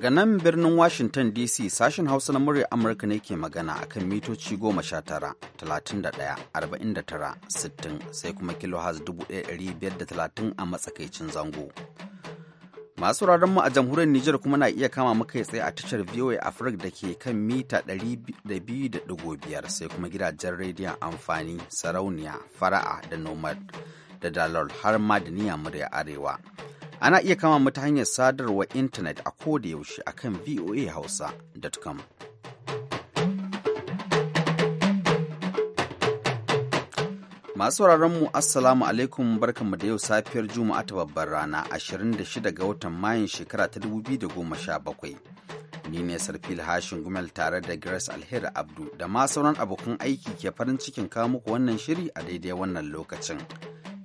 Daga nan birnin Washington DC sashen Hausa na murya Amurka ne ke magana a kan mitoci goma sha tara, sai kuma kilohaz dubu a matsakaicin zango. Masu mu a jamhuriyar Nijar kuma na iya kama muka tsaye a tashar VOA Africa da ke kan mita 200.5 sai kuma gidajen rediyon amfani sarauniya, fara'a da nomad da dalar har ma da murya arewa. Ana iya kama mu ta hanyar sadarwa intanet a yaushe a kan voahausa.com. Masu mu Assalamu alaikum barkanmu da yau safiyar Juma'a ta babbar rana 26 ga watan Mayun shekara ta 2017. Ni ne Sarfil Hashin Gumel tare da Grace Alheri Abdu da ma sauran abokan aiki ke farin cikin kawo muku wannan shiri a daidai wannan lokacin.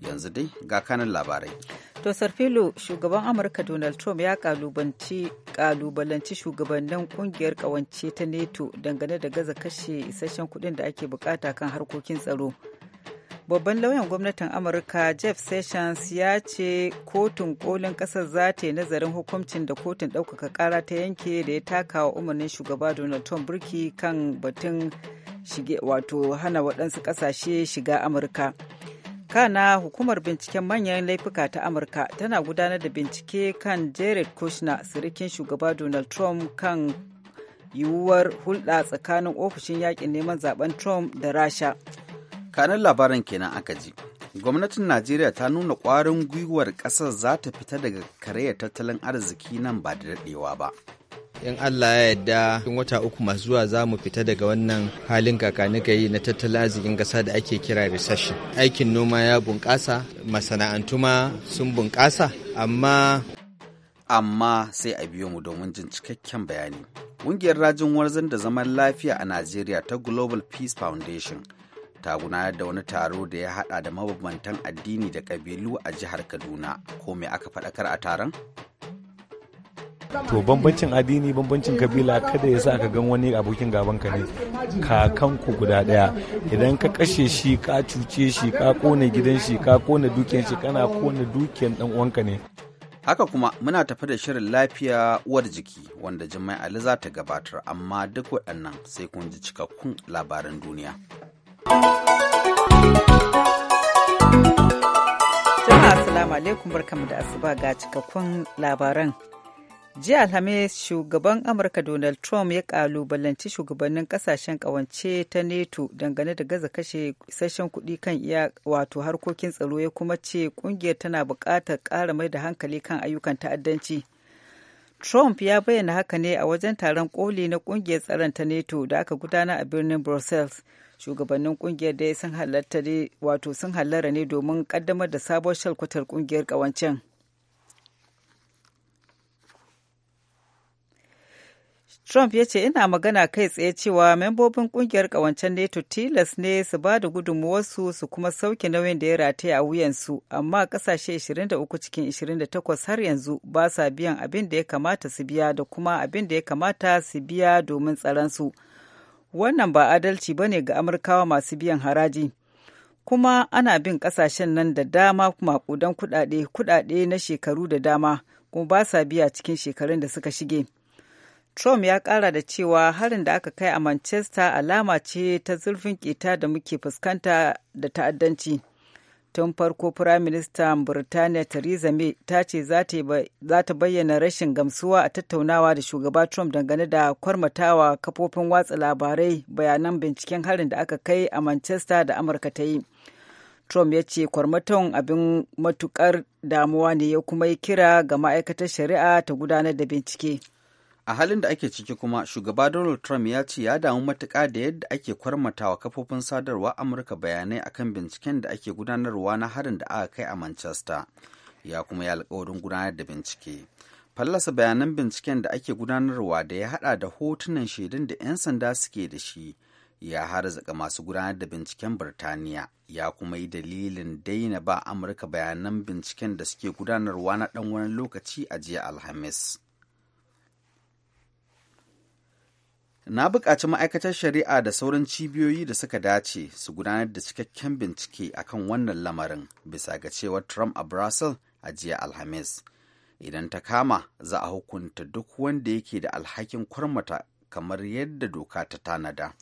Yanzu dai ga kanan labarai. Dr. filo shugaban Amurka Donald Trump ya kalubalanci shugabannin kungiyar kawance ta NATO dangane da gaza kashe isasshen kudin da ake bukata kan harkokin tsaro. Babban lauyan gwamnatin Amurka Jeff Sessions ya ce kotun kolin ƙasar zata yi nazarin hukuncin da kotun ɗaukaka ƙara ta yanke da ya taka wa umarnin shugaba Donald Trump birki kan batun shige wato hana waɗansu ƙasashe shiga Amurka. kana hukumar binciken manyan laifuka ta amurka tana gudanar da bincike kan jared kushner sirikin shugaba donald trump kan yiwuwar hulɗa tsakanin ofishin yakin neman zaben trump da rasha kanan labaran kenan aka ji gwamnatin najeriya ta nuna kwarin gwiwar ƙasar za ta fita daga karayar tattalin arziki nan ba da daɗewa ba in Allah ya yarda in wata uku masu zuwa za mu fita daga wannan halin kakanika yi na tattalin arzikin ƙasa da ake kira recession aikin noma ya bunƙasa masana'antu ma sun bunƙasa amma amma sai a biyo mu domin jin cikakken bayani ƙungiyar rajin warzan da zaman lafiya a najeriya ta global peace foundation ta gudanar da wani taro da ya hada da mabambantan addini da ƙabilu a jihar kaduna ko me aka faɗakar a taron to bambancin addini bambancin kabila kada ya sa ka gan wani abokin gaban ka ne kakanku guda daya idan ka kashe shi ka cuce shi ka kone gidan shi ka kone dukiyan shi kana kone dukiyan dan uwanka ne haka kuma muna tafi da shirin lafiya uwar jiki wanda jimai ali za ta gabatar amma duk waɗannan sai kun ji cikakkun labaran duniya jama'a assalamu alaikum barkamu da asuba ga cikakkun labaran jiya alhamis shugaban amurka donald trump ya kalubalanci shugabannin kasashen kawance ta neto dangane da gaza kashe sasshen kuɗi kan iya wato harkokin tsaro ya kuma ce kungiyar tana bukatar ƙara mai da hankali kan ayyukan ta'addanci trump ya bayyana haka ne a wajen taron koli na kungiyar tsaron ta neto da aka gudana a birnin brussels shugabannin kungiyar dai sun halarta wato sun halara ne domin kaddamar da sabon shalkwatar kungiyar kawancen Trump ya ce ina magana kai tsaye cewa membobin kungiyar kawancen NATO tilas ne su ba da gudunmuwarsu su kuma sauke nauyin da ya rataya a wuyansu, amma kasashe 23 cikin 28 har yanzu ba sa biyan abin da ya kamata su biya da kuma abin da ya kamata su biya domin tsaransu. Wannan ba adalci ba ne ga Amurkawa masu biyan haraji. Kuma ana bin kasashen nan da dama kuma kudade kudade na shekaru da dama kuma ba sa biya cikin shekarun da suka shige. Trump ya kara da cewa harin da aka kai a Manchester alama ce ta zurfin ƙeta da muke fuskanta da ta'addanci. Tun farko Firaministan Birtaniya Theresa May ta ce za ta bayyana rashin gamsuwa a tattaunawa da shugaba Trump dangane da kwarmatawa kafofin watsa labarai bayanan binciken harin da aka kai a Manchester da Amurka ta yi. Trump ya ce kwarmaton abin matukar damuwa ne ya kuma yi kira ga ma'aikatar shari'a ta gudanar da bincike. a halin da ake ciki kuma shugaba donald trump ya ce ya damu matuƙa da yadda ake kwarmatawa kafofin sadarwa amurka bayanai akan binciken da ake gudanarwa na harin da aka kai a manchester ya kuma ya alkawarin gudanar da bincike fallasa bayanan binciken da ake gudanarwa da ya hada da hotunan shaidun da 'yan sanda suke da shi ya harzaka masu gudanar da binciken birtaniya ya kuma yi dalilin daina ba amurka bayanan binciken da suke gudanarwa na ɗan wani lokaci a jiya alhamis na buƙaci ma'aikatar shari'a da sauran cibiyoyi da suka dace su gudanar da cikakken bincike akan wannan lamarin bisa ga cewar trump a brussels a jiya alhamis idan ta kama za a hukunta duk wanda yake da alhakin kwarmata kamar yadda doka ta tanada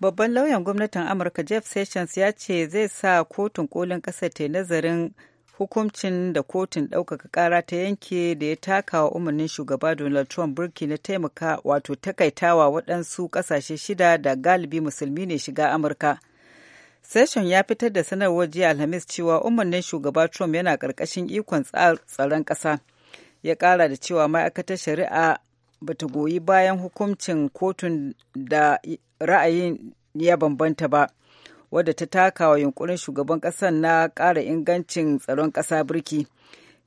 babban lauyan gwamnatin amurka jeff sessions ya ce zai sa kotun kolin ƙasa ta nazarin hukuncin da kotun ɗaukaka ƙara ta yanke da ya taka wa umarnin shugaba donald trump burki na taimaka wato takaitawa waɗansu ƙasashe shida da galibi musulmi ne shiga amurka session ya fitar da sanarwar jiya alhamis cewa umarnin shugaba trump yana ƙarƙashin ikon tsaron ƙasa ya ƙara da cewa ma'aikatar shari'a bata goyi bayan hukuncin kotun da ra'ayin ya bambanta ba. wadda ta taka wa yunkurin shugaban ƙasar na ƙara ingancin tsaron ƙasa birki.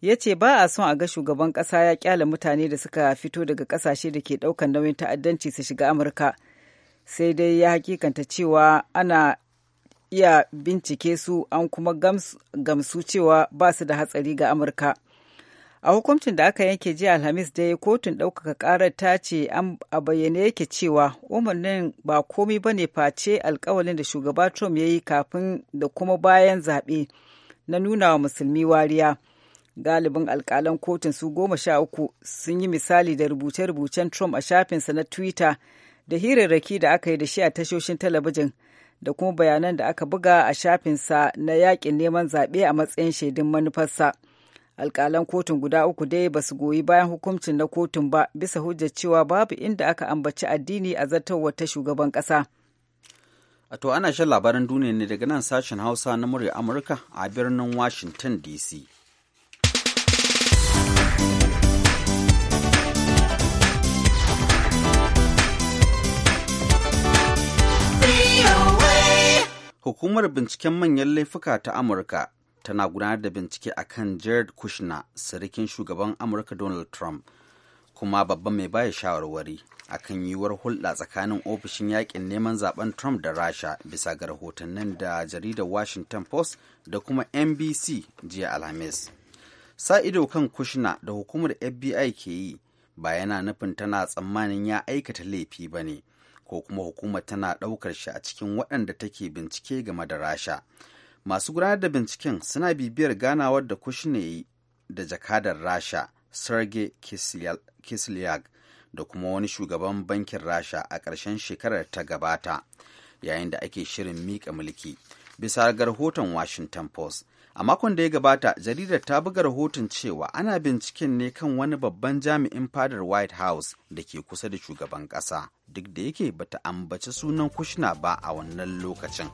ya ce ba a son a ga shugaban ƙasa ya kyala mutane da suka fito daga ƙasashe da ke ɗaukar nauyin ta'addanci su shiga amurka sai dai ya hakikanta cewa ana iya bincike su an kuma gamsu cewa ba su da hatsari ga amurka a hukuncin da aka yanke jiya alhamis dai kotun ɗaukaka ƙarar ta ce an a bayyane yake cewa umarnin ba komi ba ne face alkawalin da shugaba trump ya yi kafin da kuma bayan zaɓe na nuna wa musulmi wariya galibin alkalan kotun su goma sha uku sun yi misali da rubuce-rubucen trump a shafinsa na twitter da hirarraki da aka yi da shi a tashoshin talabijin da kuma bayanan da aka buga a shafinsa na yakin neman zaɓe a matsayin shaidun manufarsa. alƙalan kotun guda uku dai ba su goyi bayan hukuncin na kotun ba bisa hujjar cewa babu inda aka ambaci addini a zartarwar ta shugaban ƙasa. a to ana shan labaran duniya ne daga nan sashen hausa na murya amurka a birnin washington dc hukumar binciken manyan laifuka ta amurka tana gudanar da bincike a kan jared kushner sirikin shugaban amurka donald trump kuma babban mai baya shawarwari akan yiwuwar hulɗa tsakanin ofishin yakin neman zaben trump da rasha bisa ga rahotannin da jaridar washington post da kuma nbc jiya alhamis sa ido kan kushna da hukumar fbi ke yi ba yana nufin tana tsammanin ya aikata laifi ba ne ko kuma hukumar tana ɗaukar shi a cikin waɗanda take bincike game da rasha masu gudanar da binciken suna bibiyar ganawar da kushne yi da jakadar rasha sergei kislyak da kuma wani shugaban bankin rasha a ƙarshen shekarar ta gabata yayin da ake shirin miƙa mulki bisa ga rahoton washington post a makon da ya gabata jaridar ta buga rahoton cewa ana binciken ne kan wani babban jami'in fadar white house da ke kusa da shugaban ƙasa duk da yake bata ambaci sunan kushna ba a wannan lokacin.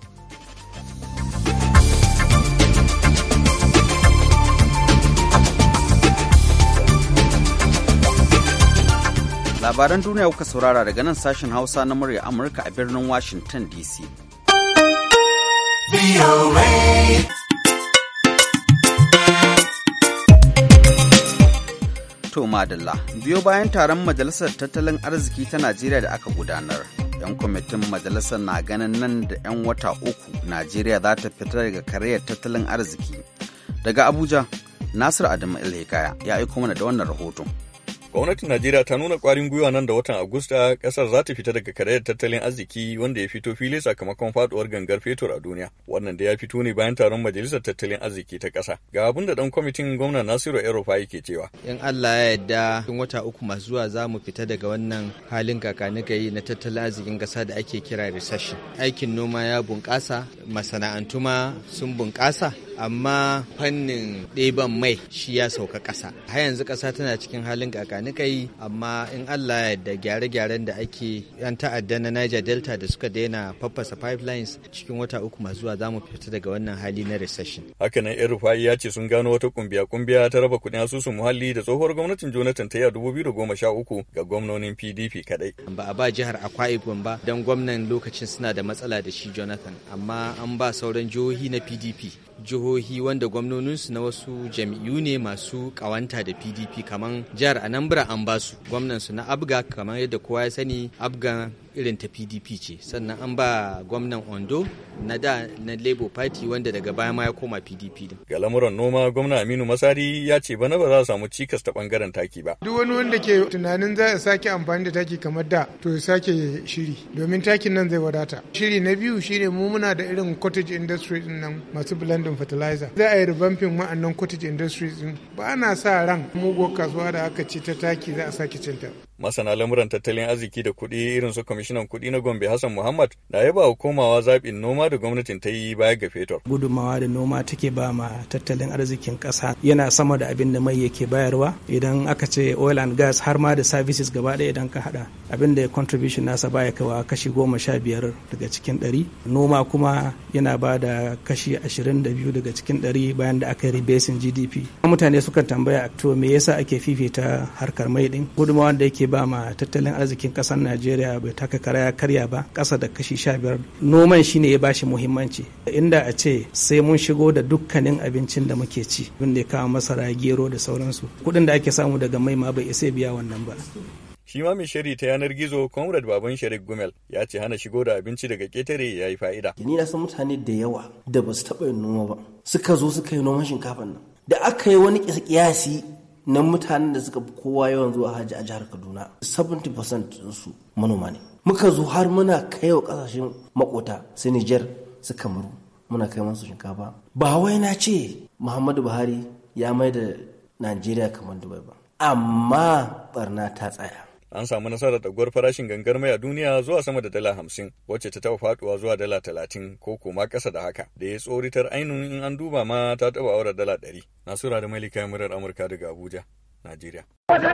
labaran duniya kuka saurara daga nan sashen hausa na murya amurka a birnin washington dc to madalla biyo bayan taron majalisar tattalin arziki ta najeriya da aka gudanar 'yan kwamitin majalisar na ganin nan da 'yan wata uku najeriya za ta fita daga karayar tattalin arziki daga abuja nasir adamu ilhikaya ya aiko mana da wannan rahoton Gwamnatin Najeriya ta nuna kwarin gwiwa nan da watan Agusta kasar za ta fita daga karayar tattalin arziki wanda ya fito fili sakamakon faduwar gangar fetur a duniya. Wannan da ya fito ne bayan taron majalisar tattalin arziki ta ƙasa. Ga abin da dan kwamitin gwamna Nasiru Erofa yake cewa. In Allah ya yarda cikin wata uku masu zuwa za mu fita daga wannan halin yi na tattalin arzikin kasa da ake kira recession. Aikin noma ya bunƙasa, masana'antu ma sun bunƙasa, amma fannin ɗeban mai shi ya sauka ƙasa har yanzu ƙasa tana cikin halin kakanikai amma in allah da gyare-gyaren da ake yan ta'adda na niger delta da suka daina faffasa pipelines cikin wata uku masu zuwa za mu fita daga wannan hali na recession hakanan yan rufa'i ya ce sun gano wata kumbiya-kumbiya ta raba kuɗin asusun muhalli da tsohuwar gwamnatin jonathan ta da sha uku ga gwamnonin pdp kaɗai. ba a ba jihar akwa ibom ba don gwamnan lokacin suna da matsala da shi jonathan amma an ba sauran jihohi na pdp jihohi wanda gwamnoninsu na wasu jam'iyyu ne masu kawanta da pdp kamar jihar anambra an basu gwamnansu na abga kamar yadda kowa ya sani abga irin ta pdp ce sannan an ba gwamnan ondo na da na labour party wanda daga baya ma ya koma pdp din ga lamuran noma gwamna aminu masari ya ce bana ba za a samu cikas ta bangaren taki ba duk wani wanda ke tunanin za a sake amfani da taki kamar da to ya sake shiri domin takin nan zai wadata shiri na biyu shine mu muna da irin cottage industry din nan masu blending bangaren fertilizer za a yi rubamfin wa'annan cottage industries ba na sa ran muguwar kasuwa da aka ci ta taki za a sake cinta masana lamuran tattalin arziki da kuɗi irin su kwamishinan kuɗi na gombe hassan muhammad da ya ba komawa zaɓin noma da gwamnatin ta yi baya ga fetur gudummawa da noma take ba ma tattalin arzikin ƙasa yana sama da abin da mai yake bayarwa idan aka ce oil and gas har ma da services gaba ɗaya idan ka haɗa abin da contribution nasa baya kawa kashi goma sha biyar daga cikin ɗari noma kuma yana ba da kashi ashirin da biyu daga cikin ɗari bayan da aka yi rebasin gdp mutane suka tambaya to me yasa ake fifita harkar mai ɗin gudummawa da yake ba ma tattalin arzikin ƙasar najeriya bai taka kara karya ba ƙasa da kashi sha biyar noman shine ya bashi muhimmanci inda a ce sai mun shigo da dukkanin abincin da muke ci wanda ya kawo masara gero da sauransu kuɗin da ake samu daga mai ma bai isa biya wannan ba shi ma mai shiri ta yanar gizo comrade baban sharik gumel ya ce hana shigo da abinci daga ketare ya yi fa'ida ni na san mutane da yawa da ba su taɓa yin noma ba suka zo suka yi noman shinkafan nan da aka yi wani kiyasi na mutanen da suka fi kowa yawan zuwa hajji a jihar kaduna 70% su manoma ne muka zo har muna kai wa kasashen makota su niger su kamaru muna kai musu shinkafa ba wai na ce muhammadu buhari ya mai da najeriya kamar dubai ba amma barna ta tsaya an samu nasarar daguwar farashin gangar mai a duniya zuwa sama da dala hamsin wacce ta taɓa faɗuwa zuwa dala talatin ko kuma ƙasa da haka da ya tsoritar ainun in an duba ma ta taɓa aure dala ɗari nasura da malika murar amurka daga abuja najeriya. da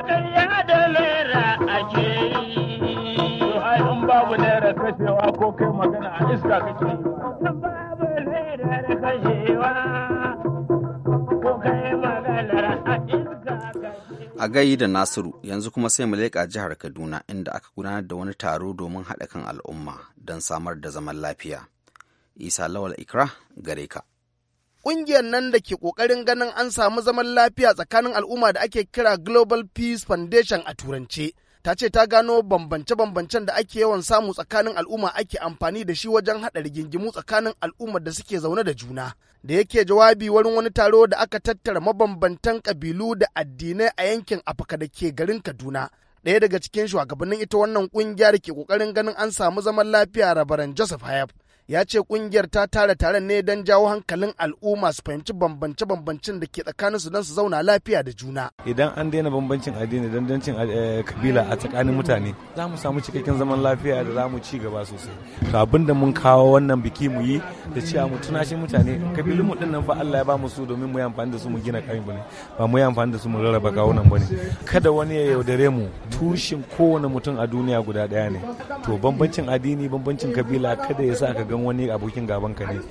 ake yi babu kashewa ko kai magana a iska kake yi. babu lera kashewa ko kai magana a iska. a gayi da nasiru yanzu kuma sai mu leƙa jihar kaduna inda aka gudanar da wani taro domin haɗa kan al'umma don samar da zaman lafiya isa lawal ikra gare ka Ƙungiyar nan da ke ƙoƙarin ganin an samu zaman lafiya tsakanin al'umma da ake kira global peace foundation a turance ta ce ta gano bambance-bambancen da ake yawan samu tsakanin al'umma ake amfani da shi wajen haɗa rigingimu tsakanin al'ummar da suke zaune da juna da yake jawabi wurin wani taro da aka tattara mabambantan kabilu da addinai a yankin afaka da ke garin kaduna ɗaya daga cikin shugabannin ita wannan ƙungiya ke ƙoƙarin ganin an samu zaman lafiya rabaran joseph hayab ya ce kungiyar ta tara taron ne don jawo hankalin al'umma su fahimci bambance-bambancen da ke tsakanin su don su zauna lafiya da juna. Idan an daina bambancin addini da dandancin eh, kabila a tsakanin mutane za mu samu cikakken zaman lafiya da za mu ci gaba sosai. To abin da mun kawo wannan biki mu yi da cewa mu tunashin mutane kabilun mu din nan fa Allah ya ba mu su domin mu yi amfani da su mu gina kai bane ba mu yi amfani da su mu rarraba kawunan bane. Kada wani ya yaudare mu tushin kowane mutum a duniya guda daya ne. To bambancin addini bambancin kabila kada ya sa ka idan wani abokin gabanka ka ne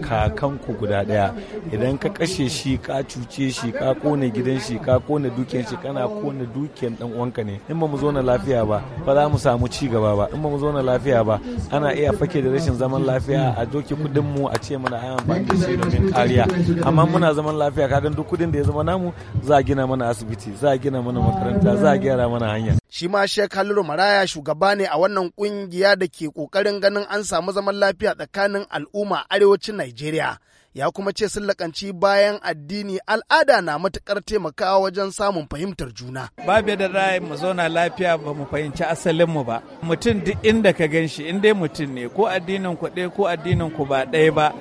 kakanku guda daya idan ka kashe shi ka cuce shi ka kone gidan shi ka kone dukiyan shi kana kone dukiyan dan uwanka ne in ba mu zo na lafiya ba ba za mu samu ci gaba ba in ba mu zo na lafiya ba ana iya fake da rashin zaman lafiya a doki kudin mu a ce mana ayan ba shi domin kariya amma muna zaman lafiya kagan duk kudin da ya zama namu za a gina mana asibiti za a gina mana makaranta za a gyara mana hanya shi ma Sheikh Maraya shugaba ne a wannan kungiya da ke kokarin ganin an samu zaman lafiya tsakanin al'umma arewacin Najeriya. Ya kuma ce sun lakanci bayan addini al'ada na matukar taimakawa wajen samun fahimtar juna. Babu da ra'ayi mu zauna lafiya ba mu fahimci asalinmu ba. Mutum duk inda ka gan shi, in dai mutum ne ko addinin ku ɗaya ko addinin ku ba ɗaya ba,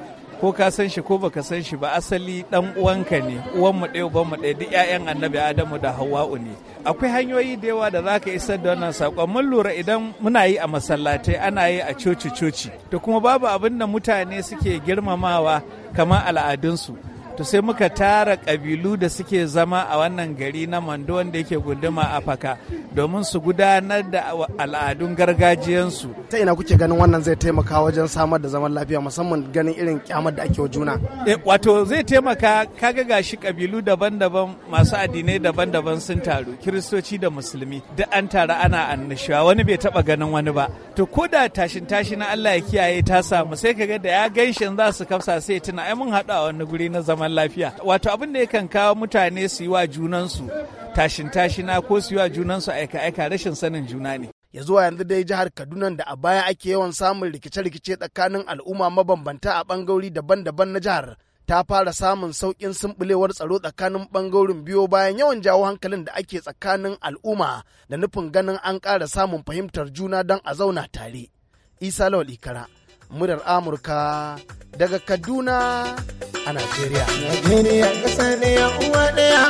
ko ka san shi ko baka san shi ba asali dan uwanka ne uwan mu ɗaya uban mu ɗaya duk ƴaƴan annabi adamu da hawa'u ne akwai hanyoyi da yawa da za ka isar da wannan sakon mun lura idan muna yi a masallatai ana yi a coci coci da kuma babu abin da mutane suke girmamawa kamar al'adunsu to sai muka tara ƙabilu da suke zama a wannan gari na mando wanda yake gunduma a faka domin su gudanar da al'adun gargajiyansu ta ina kuke ganin wannan zai taimaka wajen samar da zaman lafiya musamman ganin irin kyamar da ake wa juna eh, wato zai taimaka kaga gashi ƙabilu daban-daban masu addinai daban-daban sun taru kiristoci da musulmi duk an taru ana annishuwa wani bai taba ganin wani ba to ko da tashin tashi na Allah ya kiyaye ta samu sai kaga da ya ganshin za su kafsa sai tuna ai mun haɗu a wani guri na zaman zaman lafiya wato abin da yakan kawo mutane su yi wa junansu tashin tashina ko su yi wa junansu aika aika rashin sanin juna ne ya zuwa yanzu dai jihar kaduna da a baya ake yawan samun rikice-rikice tsakanin al'umma mabambanta a bangarori daban-daban na jihar ta fara samun sauƙin sumbulewar tsaro tsakanin bangarorin biyu bayan yawan jawo hankalin da ake tsakanin al'umma da nufin ganin an ƙara samun fahimtar juna don a zauna tare. Isa Lawal Ikara, murar Amurka daga Kaduna a Najeriya. Najeriya ƙasa ɗaya uwa ɗaya,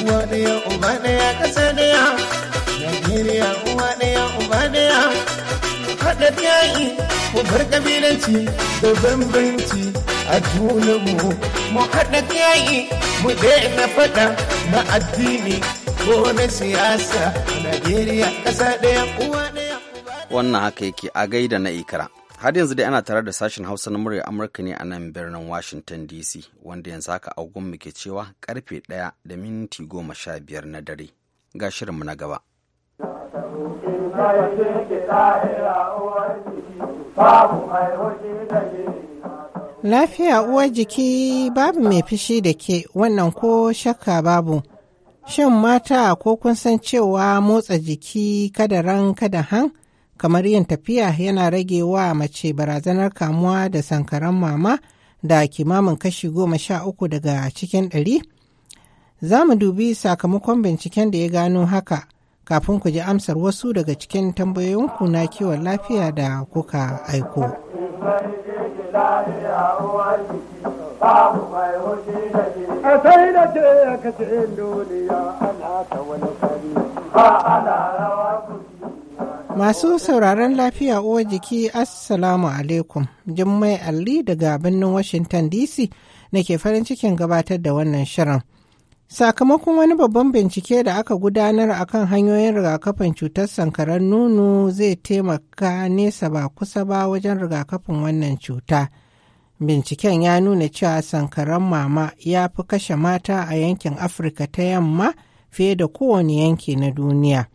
uwa ɗaya uba ɗaya ƙasa ɗaya. Najeriya uwa ɗaya uba ɗaya. Haɗa yayi mu bar ƙabilanci da bambanci a junanmu. Mu haɗa yayi mu daina faɗa na addini ko na siyasa. Najeriya ƙasa ɗaya uwa ɗaya. Wannan haka yake a gaida na ikra. har yanzu dai ana tare da sashen hausa na murya amurka ne a nan birnin washington dc wanda yanzu haka agunmu ke cewa karfe ɗaya da minti goma sha biyar na dare ga shirinmu na gaba lafiya uwar jiki babu mai fishi da ke wannan ko shakka babu shin mata ko kun san cewa motsa jiki kada ran kada han kamar yin tafiya yana rage wa mace barazanar kamuwa da sankaran mama da kimamin kashi goma sha uku daga cikin ɗari? Za mu dubi sakamakon binciken da ya gano haka kafin ku ji amsar wasu daga cikin tambayoyinku na kiwon lafiya da kuka aiko. Masu sauraron lafiya uwa jiki Assalamu alaikum. Jummai Ali daga birnin Washington DC ke farin cikin gabatar da wannan shirin. Sakamakon wani babban bincike da aka gudanar a kan hanyoyin rigakafin cutar sankarar nono zai taimaka nesa ba kusa ba wajen rigakafin wannan cuta. Binciken ya nuna cewa sankaran mama ya fi kashe mata a yankin Afirka ta yamma fiye da kowane yanki na duniya.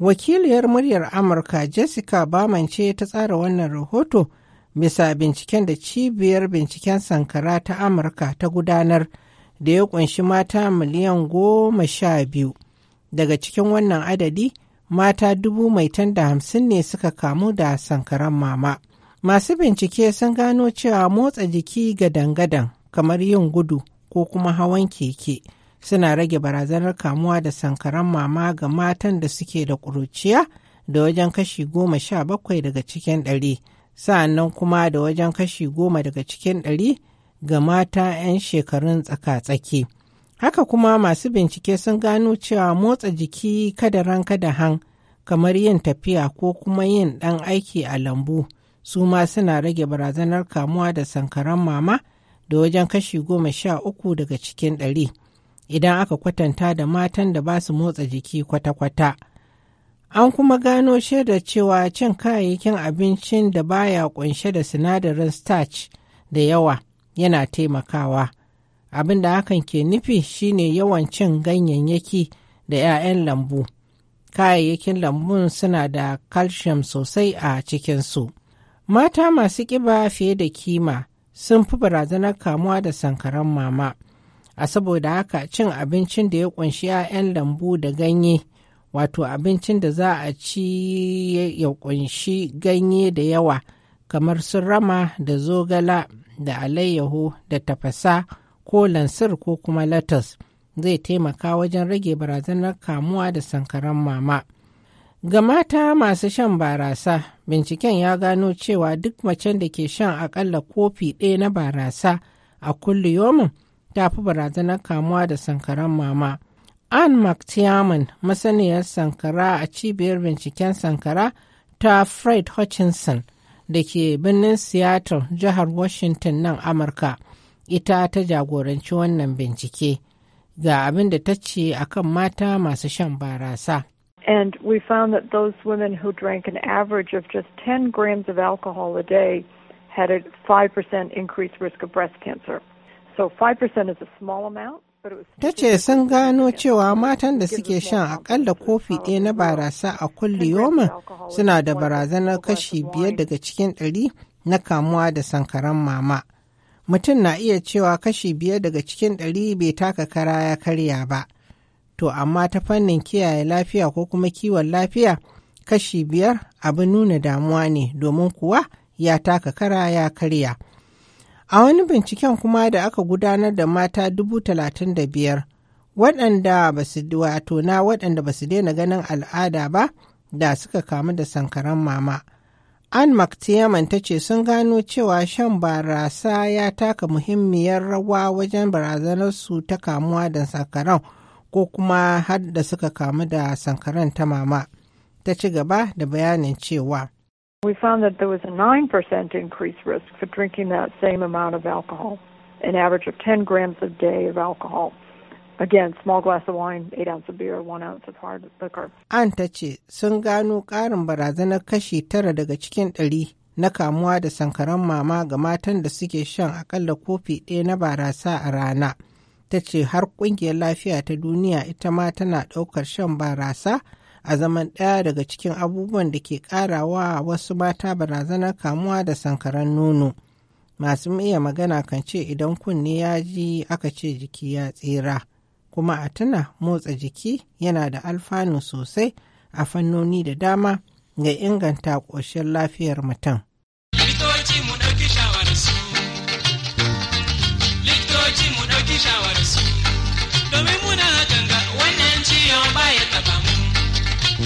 Wakiliyar muryar Amurka Jessica Baman ce ta tsara wannan rahoto bisa binciken da cibiyar binciken sankara ta Amurka ta gudanar da ya kunshi mata miliyan goma sha biyu. Daga cikin wannan adadi, mata dubu mai da hamsin ne suka kamu da sankaran mama. Masu bincike sun gano cewa motsa jiki ga gadan kamar yin gudu ko kuma hawan keke suna rage barazanar kamuwa da sankaran mama ga matan da suke da ƙuruciya da wajen kashi goma sha bakwai daga cikin ɗari sa'annan kuma da wajen kashi goma daga cikin ɗari ga mata 'yan shekarun tsaka-tsaki haka kuma masu bincike sun gano cewa motsa jiki kada ranka da han kamar yin tafiya ko kuma yin ɗan aiki a lambu su ma suna rage barazanar kamuwa da sankaran mama da wajen kashi goma sha uku daga cikin ɗari. idan aka kwatanta da matan da ba su motsa jiki kwata-kwata. An kuma gano shaidar cewa cin kayayyakin abincin da baya kunshe da sinadarin starch da yawa yana taimakawa. Abin da hakan ke nufi shine yawan cin ganyayyaki da 'ya'yan lambu. Kayayyakin lambun suna da calcium sosai a cikinsu. Mata masu ƙiba fiye da kima sun fi barazanar kamuwa da sankaran mama. a saboda haka cin abincin da ya ƙunshi 'ya'yan lambu da ganye wato abincin da za a ci ya ƙunshi ganye da yawa kamar su rama da zogala da alayyahu da tafasa ko lansir ko kuma latas zai taimaka wajen rage barazanar kamuwa da sankaran mama. Ga mata masu shan barasa, binciken ya gano cewa duk macen da ke shan akalla kofi ɗaya na barasa a kulliyomin ta fi barazanar kamuwa da sankaran mama. Ann McTiaman, masaniyar sankara a cibiyar binciken sankara ta Fred Hutchinson da ke birnin Seattle, jihar Washington nan Amurka, ita ta jagoranci wannan bincike. Ga abin da ta ce akan mata masu shan barasa. And we found that those women who drank an average of just 10 grams of alcohol a day had a 5% increased risk of breast cancer. Ta ce sun gano cewa matan da suke shan akalla kofi ɗaya na barasa a kulle yomin suna da barazanar kashi biyar daga cikin ɗari na kamuwa da sankaran mama. Mutum na iya cewa kashi biyar daga cikin ɗari bai taka kara ya karya ba. To amma ta fannin kiyaye lafiya ko kuma kiwon lafiya kashi biyar abin nuna damuwa ne domin kuwa ya taka kara ya karya. A wani binciken kuma da aka gudanar da mata dubu talatin da biyar waɗanda ba su wato na waɗanda ba su daina ganin al'ada ba da suka kamu da sankaran mama. an McTiaman ta ce sun gano cewa shan barasa ya taka muhimmiyar rawa wajen barazanar su ta kamuwa da sankaran ko kuma har da suka kamu da sankaran ta mama. Ta ci gaba da bayanin cewa. We found that there was a 9% increased risk for drinking that same amount of alcohol, an average of 10 grams a day of alcohol. Again, small glass of wine, 8 ounces of beer, 1 ounce of hard liquor. An ta ce sun gano ƙarin barazanar kashi tara daga cikin ɗari na kamuwa da sankaran mama ga matan da suke shan akalla kofi ɗaya na barasa a rana. Ta ce har ƙungiyar lafiya ta duniya ita ma tana ɗaukar shan barasa a zaman ɗaya daga cikin abubuwan da ke ƙarawa wasu mata barazanar kamuwa da sankaran nono. Masu iya magana kan ce idan kunne ya ji aka ce jiki ya tsira, kuma a tuna motsa jiki yana da alfanu sosai a fannoni da dama ga inganta ƙoshin lafiyar mutum. Likitoci mu domin muna ganga wannan ciyon bayan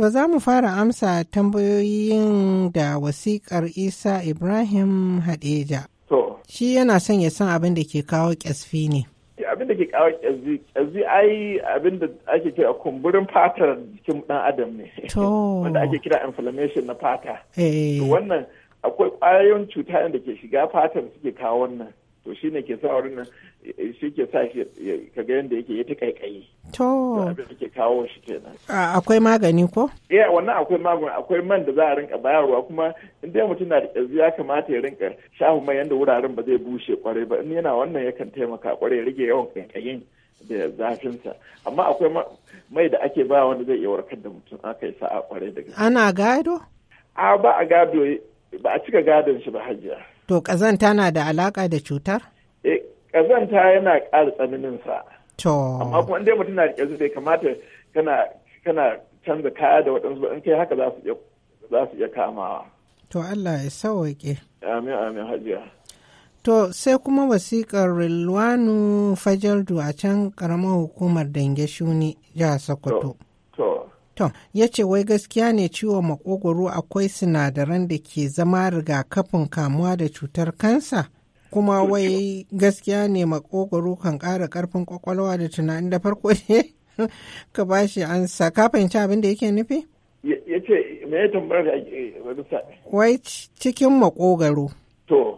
To za mu fara amsa tambayoyin da wasiƙar Isa Ibrahim Hadeja. To. Shi yana son ya san abin da ke kawo ƙyasfi ne. Abin da ke kawo ƙyasfi, ƙyasfi ai abin da ake kira kumburin fatar jikin ɗan adam ne. To. Wanda ake kira inflammation na fata. Eh. Wannan akwai ƙwayoyin cuta da ke shiga fatar suke kawo wannan. to shi ne ke sa wurin nan shi ke sa shi kaga yadda yake ya ta kaikayi to abin da ke kawo shi kenan akwai magani ko eh wannan akwai magani akwai man da za a rinka bayarwa kuma in dai mutum na da ƙarfi ya kamata ya rinka shahu mai yadda wuraren ba zai bushe kwarai ba in yana wannan yakan taimaka kwarai rage yawan kaikayin da zafinsa amma akwai mai da ake ba wanda zai iya warkar da mutum aka yi sa'a kwarai da gaske ana gado a ba a gado ba a cika gadon shi ba hajiya To ƙazanta na da alaƙa da cutar? Eh, ƙazanta yana ƙara tsananin sa. To. Amma kuma inda mutum na da kyau zai kamata kana kana canza kaya da waɗansu in kai haka za su iya kamawa. To Allah ya sauwaƙe. Amin amin hajiya. To sai kuma wasiƙar Rilwanu Fajardu a can ƙaramar hukumar Dange Shuni jihar Sokoto. Washington ya ce wai gaskiya ne ciwon makogwaro akwai sinadaran da ke zama rigakafin kamuwa da cutar kansa? Kuma wai gaskiya ne makogwaro kan ƙara ƙarfin kwakwalwa da tunanin da farko ne? ka ba shi an sa ka fahimci abin da yake nufi? Ya ce, me ya Wai cikin makogwaro.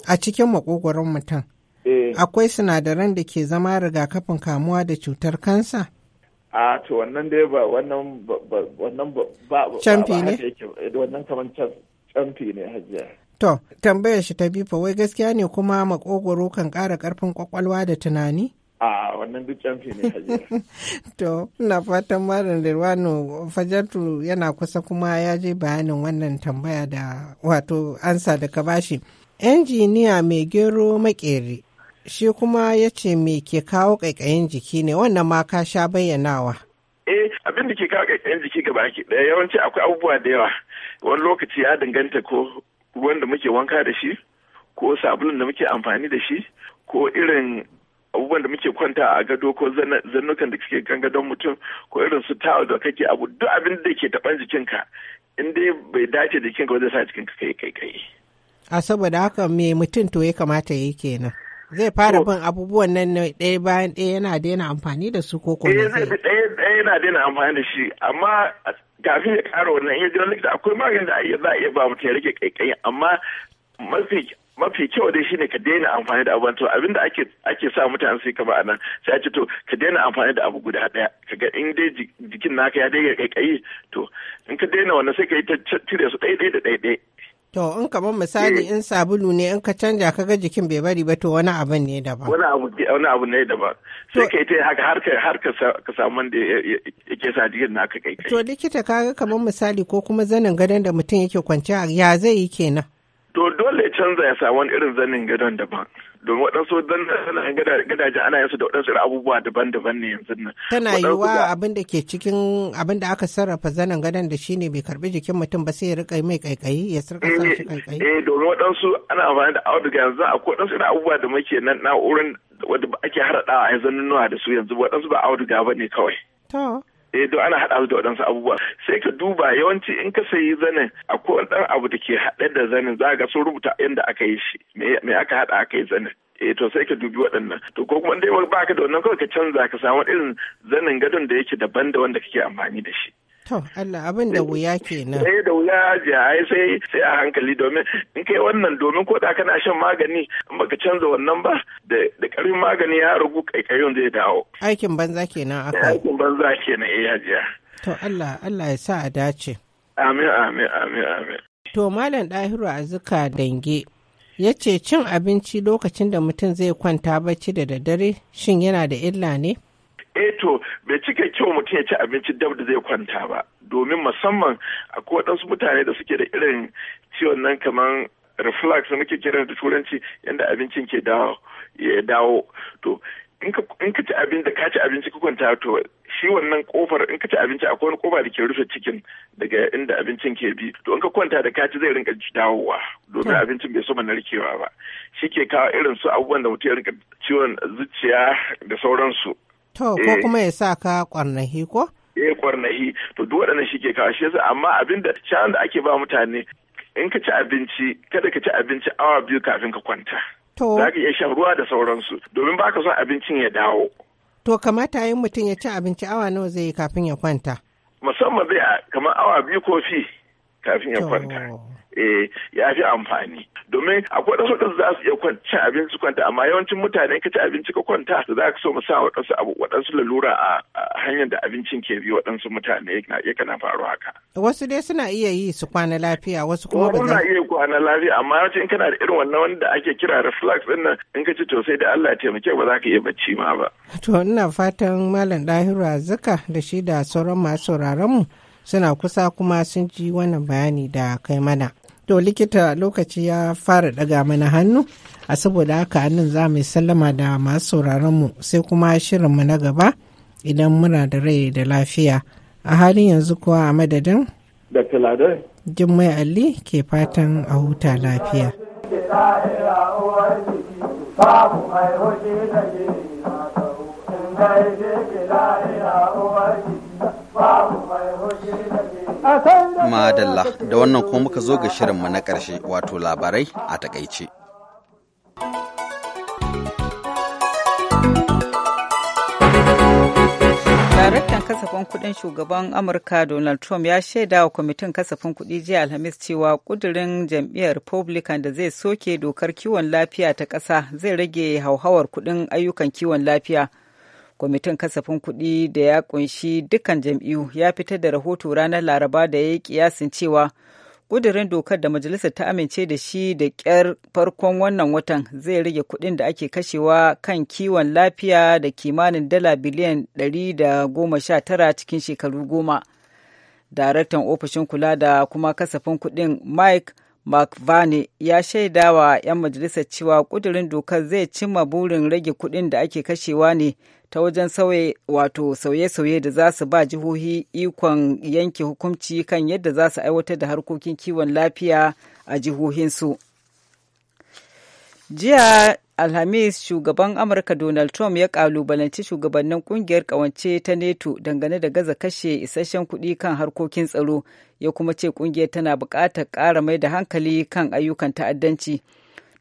A cikin makogwaron mutum. Eh. Akwai sinadaran da ke zama rigakafin kamuwa da cutar kansa? a to wannan dai ba wannan wannan ba ba ne eh, wannan kamar canfi ne hajiya to tambayar shi ta bifa wai gaskiya ne kuma makogoro kan ƙara ƙarfin kwakwalwa da tunani a wannan duk canfi ne hajiya to ina fatan da Rirwano fajartu yana kusa kuma ya je bayanin wannan tambaya da wato ansa da ka bashi injiniya mai gero makere shi kuma ya ce me ke kawo ƙaiƙayin jiki ne wannan ma ka sha bayyanawa. Eh abin da ke kawo ƙaiƙayin jiki gaba ke ɗaya yawanci akwai abubuwa da yawa wani lokaci ya danganta ko ruwan da muke wanka da shi ko sabulun da muke amfani da shi ko irin abubuwan da muke kwanta a gado ko zannukan da suke kan gadon mutum ko irin su tawa da kake abu duk abin da ke taban jikinka in dai bai dace da jikinka wajen sa jikinka kai kai kai. A saboda haka me mutum to ya kamata ya yi kenan. zai fara bin abubuwan nan ne ɗaya bayan ɗaya yana daina amfani da su ko kuma eh, zai ɗaya yana daina amfani da shi amma kafin ya ƙara wannan in ya likita akwai magani da za a iya ba mutum ya rage ƙaiƙayi amma mafi mafi kyau dai shine ka daina amfani da abubuwan to abin da ake ake sa mutane su kama anan sai a ce to ka daina amfani da abu guda ka kaga in dai jikin naka ya daina ƙaiƙayi. to in ka daina wannan sai ka yi ta cire su ɗaya ɗaya da ɗaya ɗaya To in ka ban misali in sabulu ne in ka canja ka ga jikin bai bari ba to wani abu ne daban. Wani abu wani abu ne daban. Sai kai ta haka har ka har ka samu wanda yake sa jikin naka kai kai. To likita ka ga kamar misali ko kuma zanin gadon da mutum yake kwanciya ya zai yi kenan. To dole canza ya samu irin zanin gadon daban. domin waɗansu don gadaje ana yansu da waɗansu abubuwa daban-daban ne yanzu nan. Tana wa abin da ke cikin abin da aka sarrafa zanen gadon da shine bai karbi jikin mutum ba sai ya rika mai kaikayi ya sarka sa shi kaikayi. Eh, eh domin waɗansu ana amfani da auduga yanzu akwai waɗansu irin abubuwa da muke nan na'urar wadda ake haraɗawa a yanzu nunuwa da su yanzu waɗansu ba auduga ba ne kawai. To. eh don ana haɗa da waɗansu abubuwa sai ka duba yawanci in ka sayi zanin akwai wani ɗan abu da ke haɗe da zanin za ga sun rubuta yadda aka yi shi me aka haɗa aka yi zanin eh to sai ka dubi waɗannan to ko kuma dai baka da wannan kawai ka canza ka samu irin zanin gadon da yake daban da wanda kake amfani da shi To Allah abin da wuya kenan. Sai eh, da wuya ji ai sai sai a hankali domin in kai wannan domin ko da kana shan magani in baka canza wannan ba da karin magani ya rugu kaikayon zai dawo. Aikin banza kenan aka. Aikin banza kenan eh jiya. To Allah Allah ya sa a dace. Amin amin amin amin. To Malam Dahiru Azuka Dange ya ce cin abinci lokacin da mutum zai kwanta bacci da daddare shin yana da illa ne? eto eh to bai cika kyau mutum ya ci abinci dab da zai kwanta ba domin musamman akwai waɗansu mutane da suke da irin ciwon nan kamar reflux da muke kiran da turanci yadda abincin ke dawo ya dawo to in ka ci abinci da ka ci abinci ka kwanta to shi wannan kofar in ka ci abinci akwai wani kofa da ke rufe cikin daga inda abincin ke bi to in ka kwanta da ka ci zai rinka dawowa domin hmm. abincin bai soma narkewa ba shi ke kawo irin su abubuwan da mutum ya rinka ciwon zuciya da sauransu To, ko eh. kuma ya sa ka kwarnahi ko? Eh kwarnahi, to duk waɗannan shi ke kawo shi yasa amma abin da shan da ake ba mutane in ka ci abinci, kada ka ci abinci awa biyu kafin ka kwanta. To. Za ka iya shan ruwa da sauransu, domin ba ka son abincin ya dawo. To kamata yin mutum ya ci abinci awa nawa zai yi kafin ya kwanta. Musamman zai kamar awa biyu ko fi kafin ya kwanta eh ya fi amfani domin akwai wasu wadansu za su iya cin abinci kwanta amma yawancin mutane ka ci abinci ka kwanta za ka so mu sa wadansu abu wadansu lalura a hanyar da abincin ke bi wadansu mutane ya kana faru haka wasu dai suna iya yi su kwana lafiya wasu kuma ba za. iya kwana lafiya amma yawanci in kana da irin wannan wanda ake kira reflux din nan in ka ci to sai da Allah ya taimake ba za ka iya bacci ma ba to ina fatan malam Dahiru Azuka da shi da sauran masu sauraron mu suna kusa kuma sun ji wannan bayani da kai mana to likita lokaci ya fara daga mana hannu a saboda haka nan za mu sallama da masu sauraronmu sai kuma shirinmu na gaba idan muna da rai da lafiya a halin yanzu kuwa a madadin Jummai Ali ke fatan a huta lafiya. Madalla da wannan kuma muka zo ga shirinmu na ƙarshe wato labarai a takaice. Daraktan kasafin kudin shugaban Amurka Donald Trump ya shaida wa kwamitin kasafin kudi jiya Alhamis cewa kudirin jam'iyyar Republican da zai soke dokar kiwon lafiya ta ƙasa zai rage hauhawar kudin ayyukan kiwon lafiya. kwamitin kasafin kuɗi da ya kunshi dukkan jam'iyyu ya fitar da rahoto ranar laraba da ya yi kiyasin cewa ƙudurin dokar da majalisar ta amince da shi da ƙyar farkon wannan watan zai rage kuɗin da ake kashewa kan kiwon lafiya da kimanin dala biliyan 119 cikin shekaru goma daraktan ofishin kula da kuma kasafin kuɗin mike McVane ya shaida wa 'yan majalisar cewa ƙudurin dokar zai cimma burin rage kuɗin da ake kashewa ne ta wajen sauye wato sauye-sauye da za su ba jihohi ikon yanke hukunci kan yadda za su aiwatar da harkokin kiwon lafiya a jihohinsu. Jiya Alhamis shugaban Amurka Donald Trump ya kalubalanci shugabannin kungiyar kawance ta NATO dangane da gaza kashe isasshen kuɗi kan harkokin tsaro ya kuma ce kungiyar tana buƙatar ƙara mai da hankali kan ayyukan ta'addanci.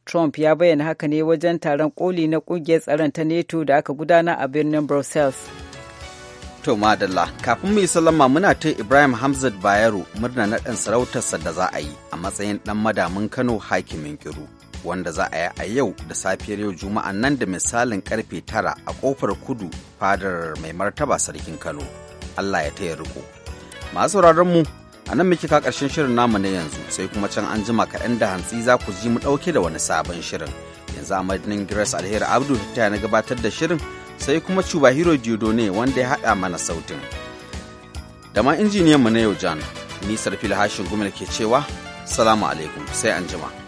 Trump ya bayyana haka ne wajen taron koli na kungiyar tsaron ta NATO da aka gudana a birnin Brussels. To madalla, kafin mu yi sallama muna ta Ibrahim Hamzat Bayero murna na sarautar sarautarsa da za a yi a matsayin ɗan madamin Kano hakimin Kiru, wanda za a yi a yau da safiyar yau juma'a nan da misalin karfe tara a ƙofar kudu fadar mai martaba sarkin Kano. Allah ya taya riko. Masu mu a nan muke ka ƙarshen shirin namu na yanzu sai kuma can an jima kaɗan da hantsi za ku ji mu ɗauke da wani sabon shirin yanzu a madinin grace alheri abdu ta na gabatar da shirin sai kuma cuba do ne wanda ya haɗa mana sautin da ma injiniyan mu na yau jan ni Sarfil hashin gumil ke cewa salamu alaikum sai an jima